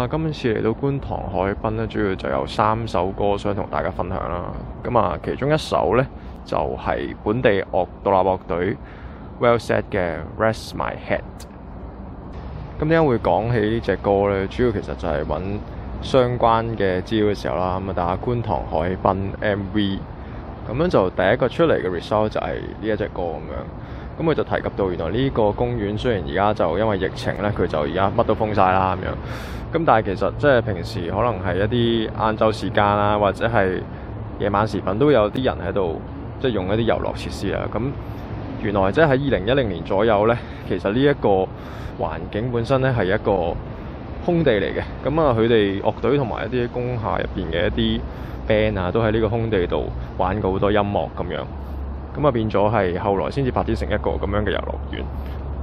啊，今次嚟到觀塘海濱咧，主要就有三首歌想同大家分享啦。咁啊，其中一首咧就係、是、本地樂獨立樂隊 Well Set 嘅 Rest My Head。咁點解會講起呢隻歌咧？主要其實就係搵相關嘅資料嘅時候啦。咁啊，打下觀塘海濱 MV，咁樣就第一個出嚟嘅 result 就係呢一隻歌咁樣。咁佢就提及到，原來呢個公園雖然而家就因為疫情咧，佢就而家乜都封晒啦咁樣。咁但係其實即係平時可能係一啲晏晝時間啊，或者係夜晚時分都有啲人喺度即係用一啲遊樂設施啊。咁原來即係喺二零一零年左右咧，其實呢一個環境本身咧係一個空地嚟嘅。咁啊，佢哋樂隊同埋一啲工廈入邊嘅一啲 band 啊，都喺呢個空地度玩過好多音樂咁樣。咁啊，變咗係後來先至發展成一個咁樣嘅遊樂園。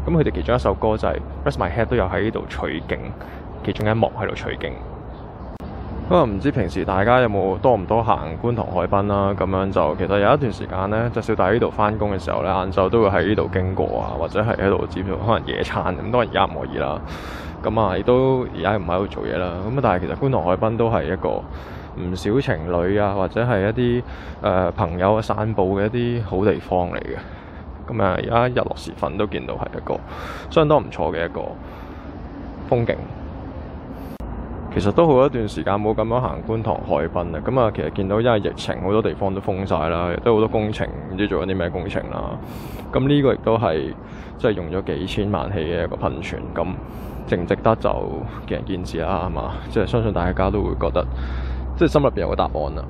咁佢哋其中一首歌就係、是《Rest My Head》，都有喺呢度取景，其中一幕喺度取景。咁啊，唔、 嗯、知平時大家有冇多唔多行觀塘海濱啦、啊？咁樣就其實有一段時間呢，就小弟喺呢度返工嘅時候呢，晏晝都會喺呢度經過啊，或者係喺度佔住可能野餐。咁當然而家唔可以啦。咁啊，亦都而家唔喺度做嘢啦。咁啊，但係其實觀塘海濱都係一個。唔少情侶啊，或者係一啲誒、呃、朋友啊，散步嘅一啲好地方嚟嘅。咁、嗯、啊，而家日落時分都見到係一個相當唔錯嘅一個風景。其實都好一段時間冇咁樣行觀塘海濱啦。咁、嗯、啊、嗯，其實見到因為疫情好多地方都封晒啦，亦都好多工程唔知做緊啲咩工程啦。咁、嗯、呢、這個亦都係即係用咗幾千萬起嘅一個噴泉，咁、嗯、值唔值得就見仁見智啦，係嘛？即係相信大家都會覺得。即係心入邊有個答案啦。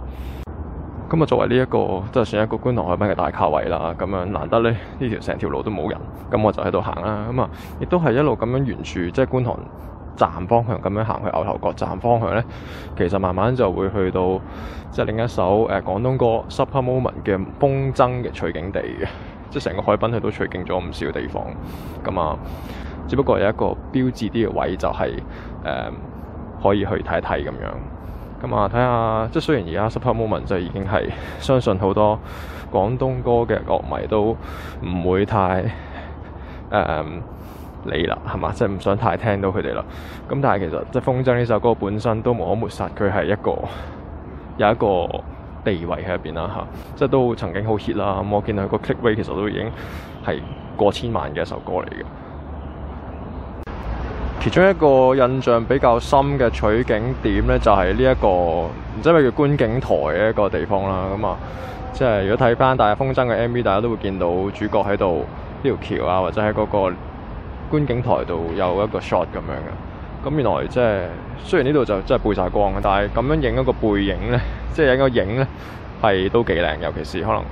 咁啊，作為呢、這、一個即係算一個觀塘海濱嘅打卡位啦。咁樣難得咧，呢條成條路都冇人，咁我就喺度行啦。咁啊，亦都係一路咁樣沿住即係觀塘站方向咁樣行去牛頭角站方向咧。其實慢慢就會去到即係、就是、另一首誒、呃、廣東歌《Supper Moment》嘅風箏嘅取景地嘅，即係成個海濱佢都取景咗唔少地方。咁啊，只不過有一個標誌啲嘅位就係、是、誒、呃、可以去睇睇咁樣。咁啊，睇下、嗯、即係雖然而家 Super Moment 就已經係相信好多廣東歌嘅樂迷都唔會太誒、呃、理啦，係嘛？即係唔想太聽到佢哋啦。咁但係其實即係《風箏》呢首歌本身都無可抹殺，佢係一個有一個地位喺入邊啦吓，即係都曾經好 hit 啦。咁、嗯、我見佢個 click rate 其實都已經係過千萬嘅一首歌嚟嘅。其中一個印象比較深嘅取景點咧，就係呢一個唔知咪叫觀景台嘅一個地方啦。咁啊，即係如果睇翻《大風箏》嘅 MV，大家都會見到主角喺度呢條橋啊，或者喺嗰個觀景台度有一個 shot 咁樣嘅。咁原來即係雖然呢度就真係背晒光嘅，但係咁樣影一個背影咧，即係影個影咧，係都幾靚，尤其是可能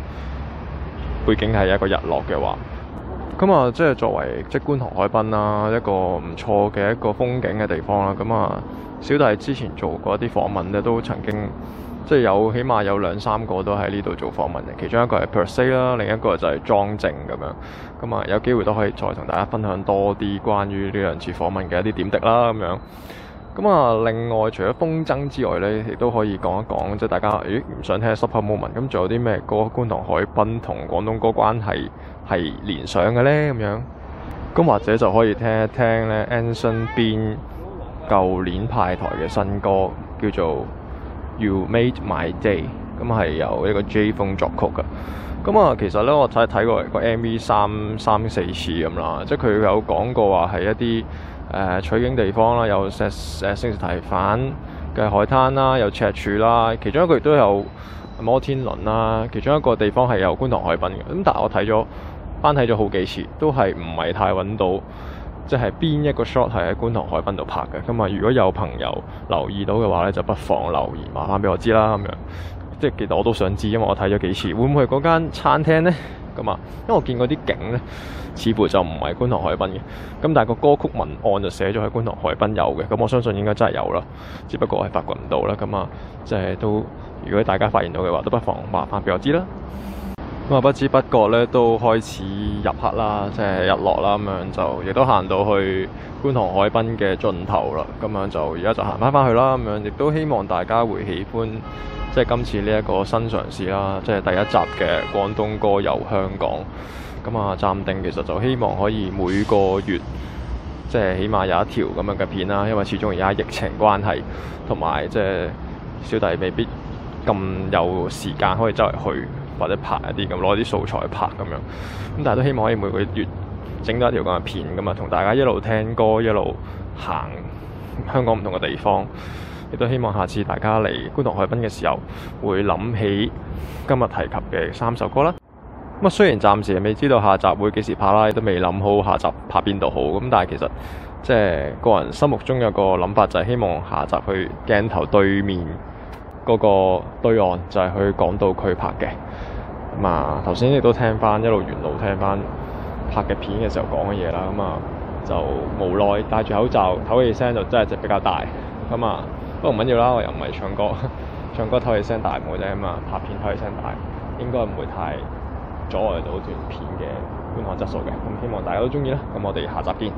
背景係一個日落嘅話。咁啊，即係作為即係觀塘海濱啦，一個唔錯嘅一個風景嘅地方啦。咁啊，小弟之前做過一啲訪問咧，都曾經即係有起碼有兩三個都喺呢度做訪問嘅，其中一個係 Perse 啦，另一個就係莊正。咁樣。咁啊，有機會都可以再同大家分享多啲關於呢兩次訪問嘅一啲點滴啦，咁樣。咁啊，另外除咗風箏之外呢，亦都可以講一講，即係大家咦唔想聽 Super Moment，咁、嗯、仲有啲咩歌，觀塘海濱同廣東歌關係係聯想嘅呢？咁樣，咁、嗯、或者就可以聽一聽呢 Anson Bean 舊年派台嘅新歌叫做 You Made My Day，咁係由一個 J 風作曲嘅。咁、嗯、啊，其實呢，我睇睇過個 MV 三三四次咁啦，即係佢有講過話係一啲。誒取景地方啦，有石石聖士提反嘅海灘啦，有赤柱啦，其中一個亦都有摩天輪啦，其中一個地方係有觀塘海濱嘅。咁但係我睇咗返睇咗好幾次，都係唔係太揾到，即係邊一個 shot 係喺觀塘海濱度拍嘅。咁啊，如果有朋友留意到嘅話咧，就不妨留言話返畀我知啦。咁樣即係其實我都想知，因為我睇咗幾次，會唔會係嗰間餐廳咧？咁啊，因為我見過啲景咧，似乎就唔係觀塘海濱嘅，咁但係個歌曲文案就寫咗喺觀塘海濱有嘅，咁我相信應該真係有啦，只不過係發掘唔到啦。咁啊，即係都如果大家發現到嘅話，都不妨話返俾我知啦。咁啊、嗯，不知不覺咧都開始入黑啦，即係日落啦，咁樣就亦都行到去觀塘海濱嘅盡頭啦。咁樣就而家就行翻返去啦。咁樣亦都希望大家會喜歡。即係今次呢一個新嘗試啦，即係第一集嘅廣東歌遊香港。咁啊，暫定其實就希望可以每個月，即係起碼有一條咁樣嘅片啦。因為始終而家疫情關係，同埋即係小弟未必咁有時間可以周圍去或者拍一啲咁攞啲素材拍咁樣。咁但係都希望可以每個月整多一條咁嘅片。咁啊，同大家一路聽歌，一路行香港唔同嘅地方。亦都希望下次大家嚟觀塘海濱嘅時候，會諗起今日提及嘅三首歌啦。咁啊，雖然暫時未知道下集會幾時拍啦，都未諗好下集拍邊度好。咁但係其實即係個人心目中有個諗法，就係希望下集去鏡頭對面嗰個對岸，就係去港島區拍嘅。咁啊，頭先亦都聽翻一路沿路聽翻拍嘅片嘅時候講嘅嘢啦。咁啊，就無奈戴住口罩唞氣聲就真係就比較大。咁啊～都唔緊要啦，我又唔係唱歌，唱歌睇起聲大唔會啫嘛。拍片睇起聲大，應該唔會太阻礙到段片嘅觀看質素嘅。咁希望大家都中意啦。咁我哋下集見。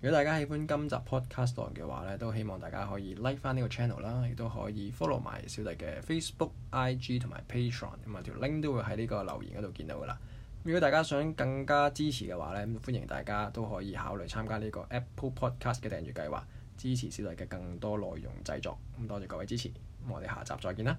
如果大家喜歡今集 Podcast 嘅話咧，都希望大家可以 like 返呢個 channel 啦，亦都可以 follow 埋小弟嘅 Facebook、IG 同埋 Patreon，咁啊條 link 都會喺呢個留言嗰度見到噶啦。如果大家想更加支持嘅話咧，咁歡迎大家都可以考慮參加呢個 Apple Podcast 嘅訂閱計劃。支持小弟嘅更多內容製作，咁多謝各位支持，我哋下集再見啦。